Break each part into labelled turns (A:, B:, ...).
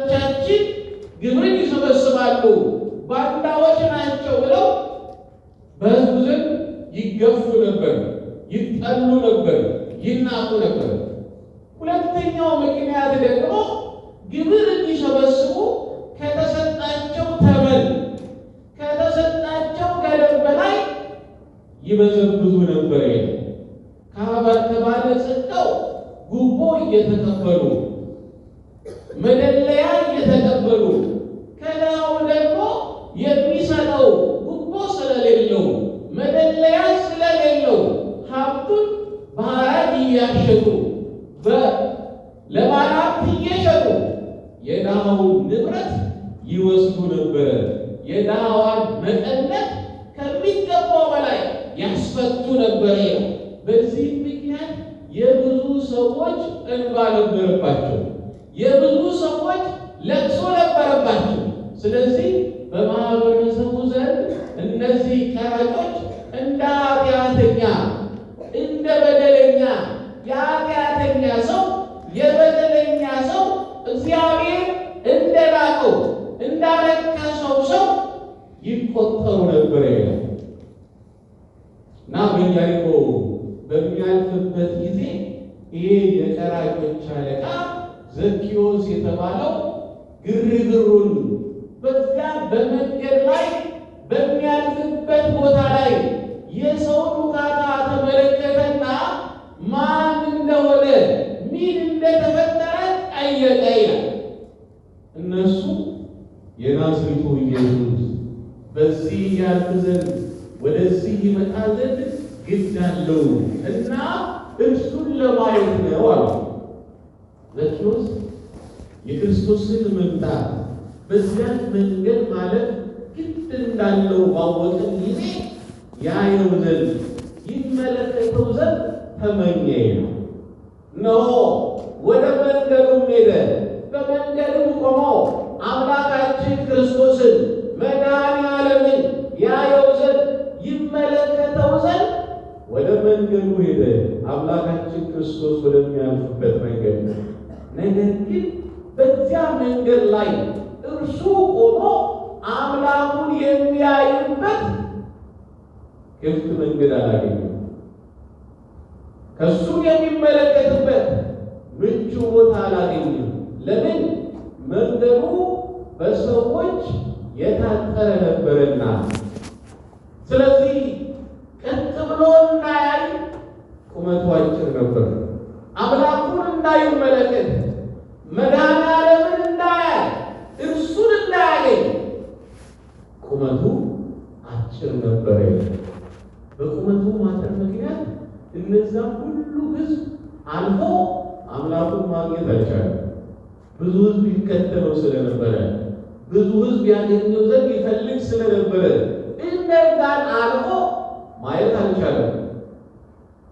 A: ቻችን ግብርን ይሰበስባሉ ባንዳዎች ናቸው ብለው በህዝቡ ዘንድ ይገፉ ነበር፣ ይጠሉ ነበር፣ ይናቁ ነበር። ሁለተኛው ምክንያት ደግሞ ግብር እንዲሰበስቡ ከተሰጣቸው ተመን ከተሰጣቸው ገደብ በላይ ይበዘብዙ ነበር። ከባለጸጋው ጉቦ እየተቀበሉ ይወስዱ ነበረ። የድሃዋን መጠነት ከሚገባው በላይ ያስፈቱ ነበረ። በዚህ ምክንያት የብዙ ሰዎች እንባ ነበረባቸው። የብዙ ሰዎች ለቅሶ ነበረባቸው። ስለዚህ በማህበረሰቡ ዘንድ እነዚህ ቀራጮች እንደ ኃጢአተኛ እንደ በደለኛ በመንገድ ላይ በሚያልፍበት ቦታ ላይ የሰውን ውካታ ተመለከተና ማን እንደሆነ ምን እንደተፈጠረ ጠየቀ ይላል። እነሱ የናዝሬቱ ኢየሱስ በዚህ ያልፍ ዘንድ ወደዚህ ይመጣ ዘንድ ግድ አለው እና እርሱን ለማየት ነው አሉ። ዘኪዎስ የክርስቶስን መምጣት በዚያች መንገድ ማለት ግድ እንዳለው ባወቅን ጊዜ ያየው ዘንድ ይመለከተው ዘንድ ተመኘ ነው። እነሆ ወደ መንገዱም ሄደ። በመንገዱም ቆሞ አምላካችን ክርስቶስን መድኃኔ ዓለምን ያየው ዘንድ ይመለከተው ዘንድ ወደ መንገዱ ሄደ። አምላካችን ክርስቶስ ወደሚያልፍበት መንገድ ነው። ነገር ግን በዚያ መንገድ ላይ እርሱ ሆኖ አምላኩን የሚያይበት ክፍት መንገድ አላገኘም። ከእሱም የሚመለከትበት ምቹ ቦታ አላገኘም። ለምን? መንገዱ በሰዎች የታጠረ ነበርና። ስለዚህ ቀጥ ብሎ እንዳያይ ቁመቱ አጭር ነበር። በቁመቱ ማጠር ምክንያት እነዛ ሁሉ ህዝብ አልፎ አምላኩን ማግኘት አልቻለም። ብዙ ህዝብ ይከተለው ስለነበረ፣ ብዙ ህዝብ ያገኘው ዘንድ ይፈልግ ስለነበረ እነዛን አልፎ ማየት አልቻለም።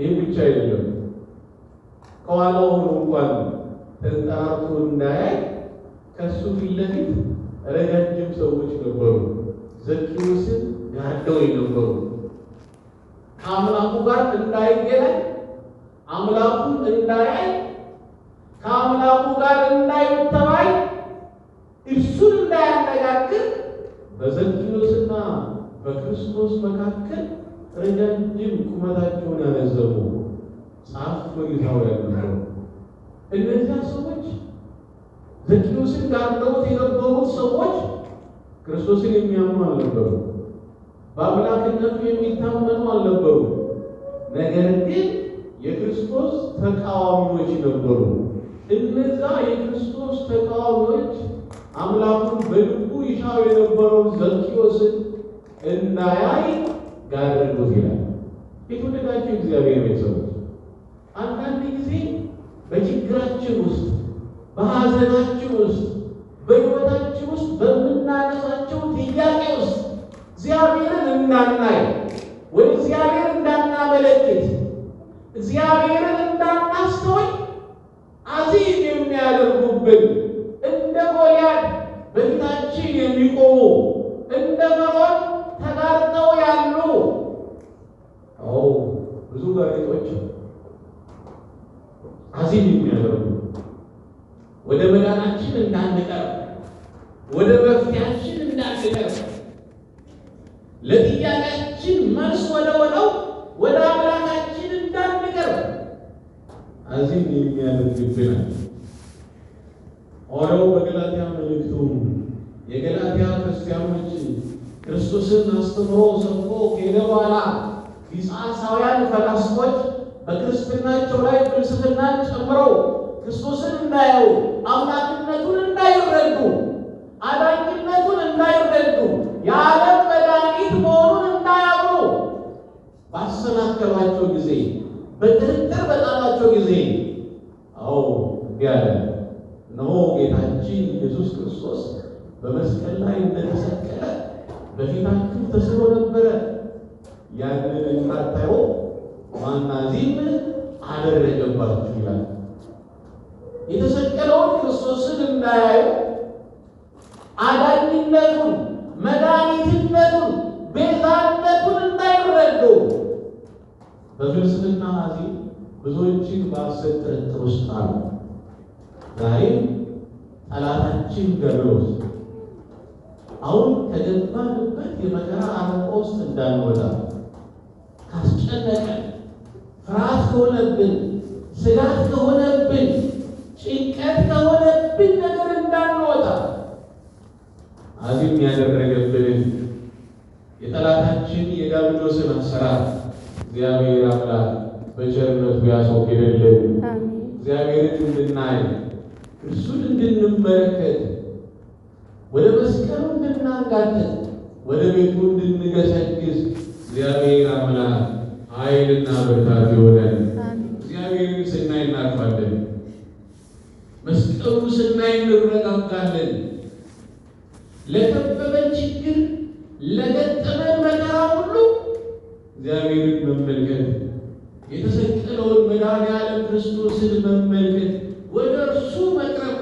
A: ይህ ብቻ አይደለም፣ ከኋላው ሆኖ እንኳን ተንጠራርቶ እንዳያይ ከእሱ ፊት ለፊት ረጃጅም ሰዎች ነበሩ ዘኪዎስን ተሰደው የነበሩ ከአምላኩ ጋር እንዳይገናኝ አምላኩ እንዳያይ ከአምላኩ ጋር እንዳይተባይ እርሱን እንዳያነጋግር በዘኪዮስና በክርስቶስ መካከል ረጃጅም ቁመታቸውን ያለዘቡ ጸሐፍት ወጌታውያን ነበሩ። እነዚያ ሰዎች ዘኪዮስን ጋር ነውት የነበሩት ሰዎች ክርስቶስን የሚያምኑ አልነበሩ። በአምላክነቱ የሚታመኑ አልነበሩ። ነገር ግን የክርስቶስ ተቃዋሚዎች ነበሩ። እነዛ የክርስቶስ ተቃዋሚዎች አምላኩን በልቡ ይሻው የነበረውን ዘኪዎስን እንዳያይ ጋደርጎት ይላል። የተወደዳቸው እግዚአብሔር ቤተሰቦች፣ አንዳንድ ጊዜ በችግራችን ውስጥ በሐዘናችን ውስጥ በሕይወታችን ውስጥ በምናነሳቸው ጥያቄ ውስጥ እግዚአብሔርን እንዳናይ ወይ እግዚአብሔር እንዳናመለክት እግዚአብሔርን እንዳናስተውል አዚም የሚያደርጉብን እንደ ጎልያድ በፊታችን የሚቆሙ እንደ ፈርዖን ተጋርጠው ያሉ አዎ ብዙ ጋዜጦች አዚም የሚያደርጉ ወደ መዳናችን እንዳንቀርብ ወደ መፍትያችን እንዳንቀርብ ለጥያቄያችን መልስ ወደ ሆነው ወደ አምላካችን እንዳንቀርብ አዚህም የሚያደርግብናል። ሆነው በገላትያ መልእክቱ የገላትያ ክርስቲያኖች ክርስቶስን አስተምሮ ሰብኮ ከሄደ በኋላ ቢጻሳውያን ፈላስፎች በክርስትናቸው ላይ ፍልስፍናን ጨምረው ክርስቶስን እንዳያዩ አምላክነቱን እንዳይረዱ አዳኝነቱን እንዳይረዱ የዓለም መድኃኒት መሆኑን እንዳያምኑ ባሰናከሏቸው ጊዜ፣ በጥርጥር በጣሏቸው ጊዜ አዎ እንዲህ አለ እነሆ ጌታችን ኢየሱስ ክርስቶስ በመስቀል ላይ እንደተሰቀለ በፊታችሁ ተስሎ ነበረ። ያንን እንቅራታዮ ማናዚም አደረገባችሁ ይላል። የተሰቀለውን ክርስቶስን እንዳያዩ አዳኝነቱን መድኃኒትነቱን ቤዛነቱን እንዳይረዱ በፍልስፍና ሐዘን ብዙዎችን በሐሰት ጥርጥር ውስጥ አሉ። ዛሬ ጠላታችን ገበያ ውስጥ አሁን ከገባንበት የመከራ አረንቋ ውስጥ እንዳንወጣ ካስጨነቀን፣ ፍርሃት ከሆነብን፣ ስጋት ከሆነብን፣ ጭንቀት ከሆነ አዚም ያደረገብን የጠላታችን የዳብሎስን አሰራር እግዚአብሔር አምላክ በቸርነቱ ያስወግድልን። እግዚአብሔርን እንድናይ እርሱን እንድንመለከት ወደ መስቀሉ እንድናንጋጠጥ ወደ ቤቱ እንድንገሰግስ እግዚአብሔር አምላክ ኃይልና ብርታት ይሆነን። እግዚአብሔር ስናይ እናርፋለን፣ መስቀሉ ስናይ እንረጋጋለን። ለከበበን ችግር ለገጠመን መከራ ሁሉ እግዚአብሔርን መመልከት የተሰቀለውን መድኃኔ ዓለም ክርስቶስን መመልከት ወደ እርሱ መቅረብ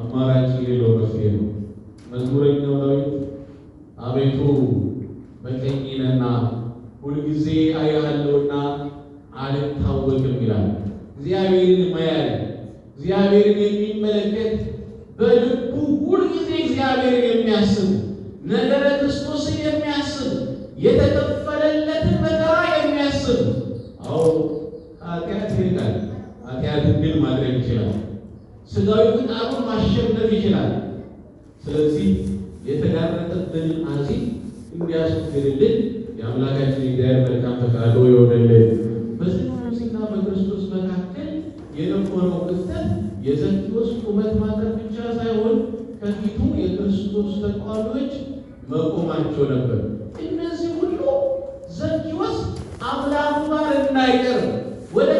A: አማራጭ የሌለው መፍትሄ ነው። መዝሙረኛው ዳዊት አቤቱ በቀኝ ነህና ሁልጊዜ አያለሁና አልታወቅም ይላል። እግዚአብሔርን ማያል እግዚአብሔርን የሚመለከት ነገረ ክርስቶስን የሚያስብ የተከፈለለትን መከራ የሚያስብ አዎ ኃጢአት ይርቃል። ኃጢአትን ግን ማድረግ ይችላል። ስጋዊ ቅጣቱን ማሸነፍ ይችላል። ስለዚህ የተጋረጠብንን አዚም እንዲያስወግድልን የአምላካችን እግዚአብሔር መልካም ፈቃዱ ይሆንልን። በስሙስና በክርስቶስ መካከል የነበረው ክፍተት የዘኪዎስ ቁመት ማጠር ብቻ ሳይሆን ከፊቱ የክርስቶስ ተቃዋሚዎች መቆማቸው ነበር። እነዚህ ሁሉ ዘኪዎስ አምላኩ ጋር እንዳይቀርብ ወደ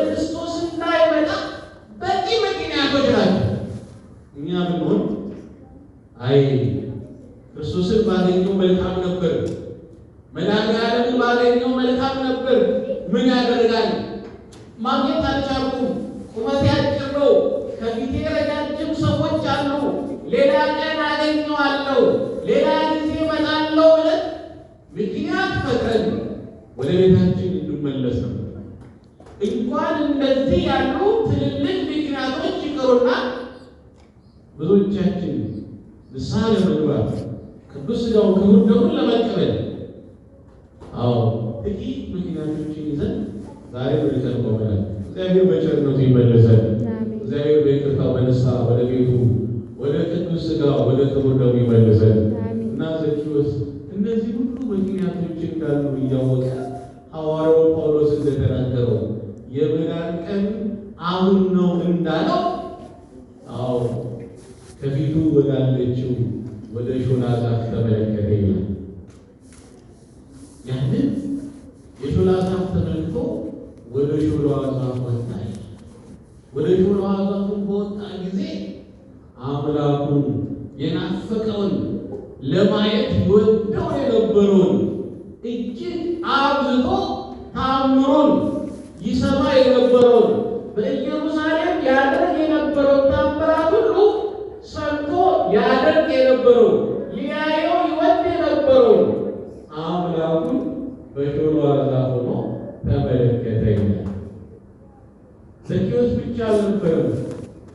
A: መሆን ደግሞ ለመቀበል አዎ ጥቂት ምክንያቶችን ይዘን ዛሬ ወደ ቀን እግዚአብሔር በቸርነቱ ይመለሰን። እግዚአብሔር በይቅርታ በንስሐ ወደ ቤቱ ወደ ቅዱስ ሥጋ ወደ ክቡር ደሙ ይመለሰን። ያደርግ የነበረው ታምራት ሁሉ ሰምቶ ያደርግ የነበረው ሊያየው ይወድ የነበረው አምላኩን በጆሮ አላፍ ሆኖ ተመለከተኝ። ዘኪዎስ ብቻ ነበሩ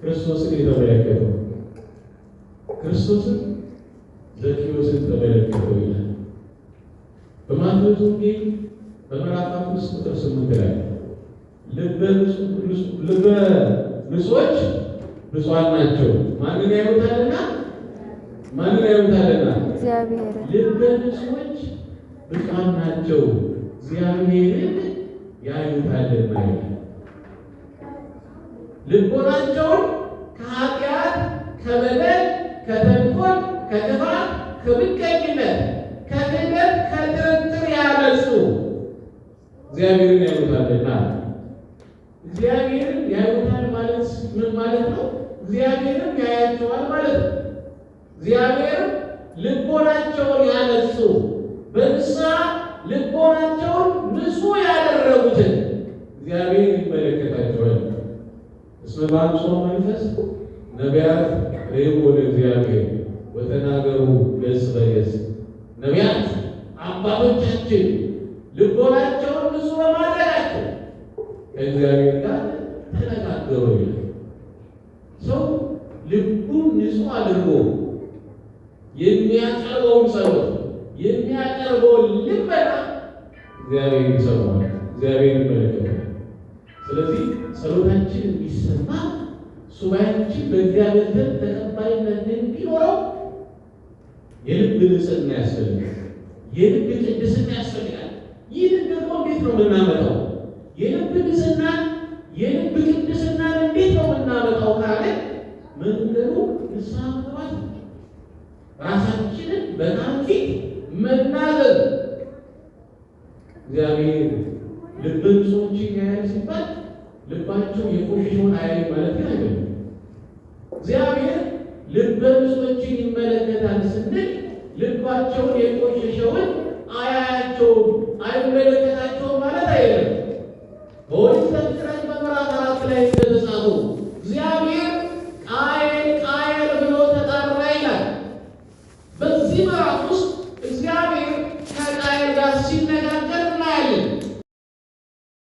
A: ክርስቶስን የተመለከተው። ክርስቶስን ዘኪዎስን ተመለከተው ይላል በማቴዎስ ወንጌል በምዕራፍ አምስት ቁጥር ስምንት ላይ ልበ ብሶች ብሷን ናቸው። ማንን ያዩታልና? ማንን ያዩታልና? እግዚአብሔር። ልበ ብሶች ብሷን ናቸው፣ እግዚአብሔርን ያዩታልና። ይ ልቦናቸውን ከኃጢአት ከበደል፣ ከተንኮል፣ ከክፋት ከምቀኝነት፣ ከክህደት፣ ከጥርጥር ያነጹ እግዚአብሔር እግዚአብሔር ልቦናቸውን ያነጹ በንስሐ ልቦናቸውን ንጹ ያደረጉትን እግዚአብሔር ይመለከታቸዋል። እስመ በአምሶም መንፈስ ነቢያት ሬሞ ለእግዚአብሔር ወተናገሩ ገጽ በገጽ ነቢያት አባቶቻችን ልቦናቸውን ንጹ በማድረጋቸው ከእግዚአብሔር ጋር ተነጋገሩ ይላል። ሰው ልቡን ንጹ አድርጎ የሚያቀርበውን ጸሎት የሚያቀርበውን ልመና እግዚአብሔር ይሰማል፣ እግዚአብሔር ይመለከታል። ስለዚህ ጸሎታችን የሚሰማ ሱባያችን በእግዚአብሔር ዘንድ ተቀባይነት እንዲኖረው የልብ ንጽህና ያስፈልጋል። የልብ ቅድስና ያስፈልጋል። ይህን ደግሞ እንዴት ነው የምናመጣው? የልብ ንጽህና የልብ ቅድስና እንዴት ነው የምናመጣው ካለ መንገዱ ንስሐ መግባት ራሳችንን በናፊት መናዘዝ እግዚአብሔር ልብን ሰዎችን ያያል ሲባል ልባቸው የቆሸሸውን አያይ ማለት አይደለም። እግዚአብሔር ልበ ብሶችን